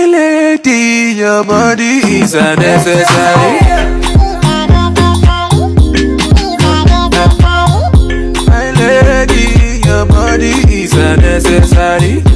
My lady, your body is unnecessary. My lady, your body is unnecessary.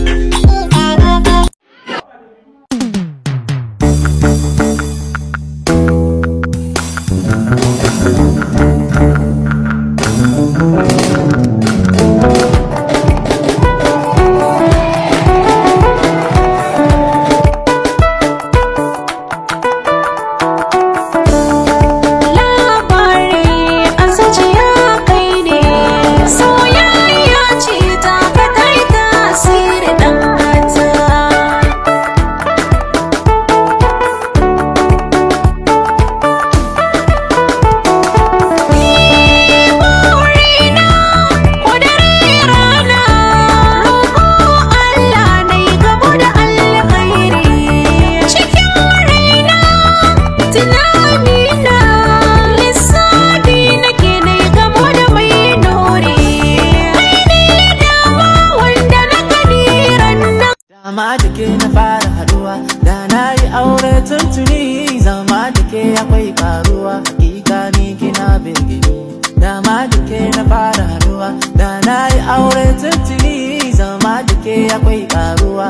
zama da ke na fara haduwa Da na yi aure tuntuni Zama da ke akwai karuwa Hakika ni kina birgini Zama da ke na fara haduwa Da na yi aure tuntuni Zama da ke akwai karuwa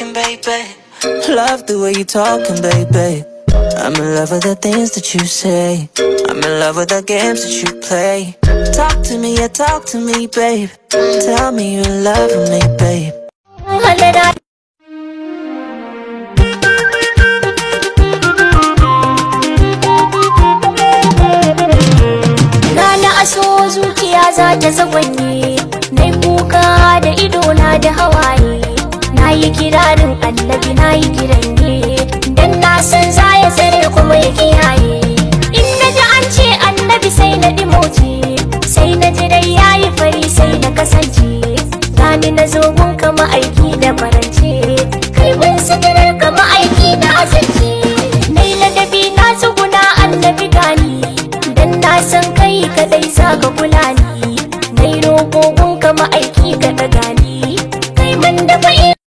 talking, baby. Love the way you talking, baby. I'm in love with the things that you say. I'm in love with the games that you play. Talk to me, yeah, talk to me, babe. Tell me you love me, babe. aso zuciya za ta zagwanye, kuka da da hawaye. yi kiranin annabi na yi kiran ne dan na san za ya tsare kuma ya kiyaye in na ji an ce annabi sai na ɗi sai na ji dai ya yi fari sai na kasance gani na zo mun kama aiki da farance kai mun sitirar kama aiki na azance nai dabi na tsuguna annabi gani dan na san kai kadai za ka kula ne.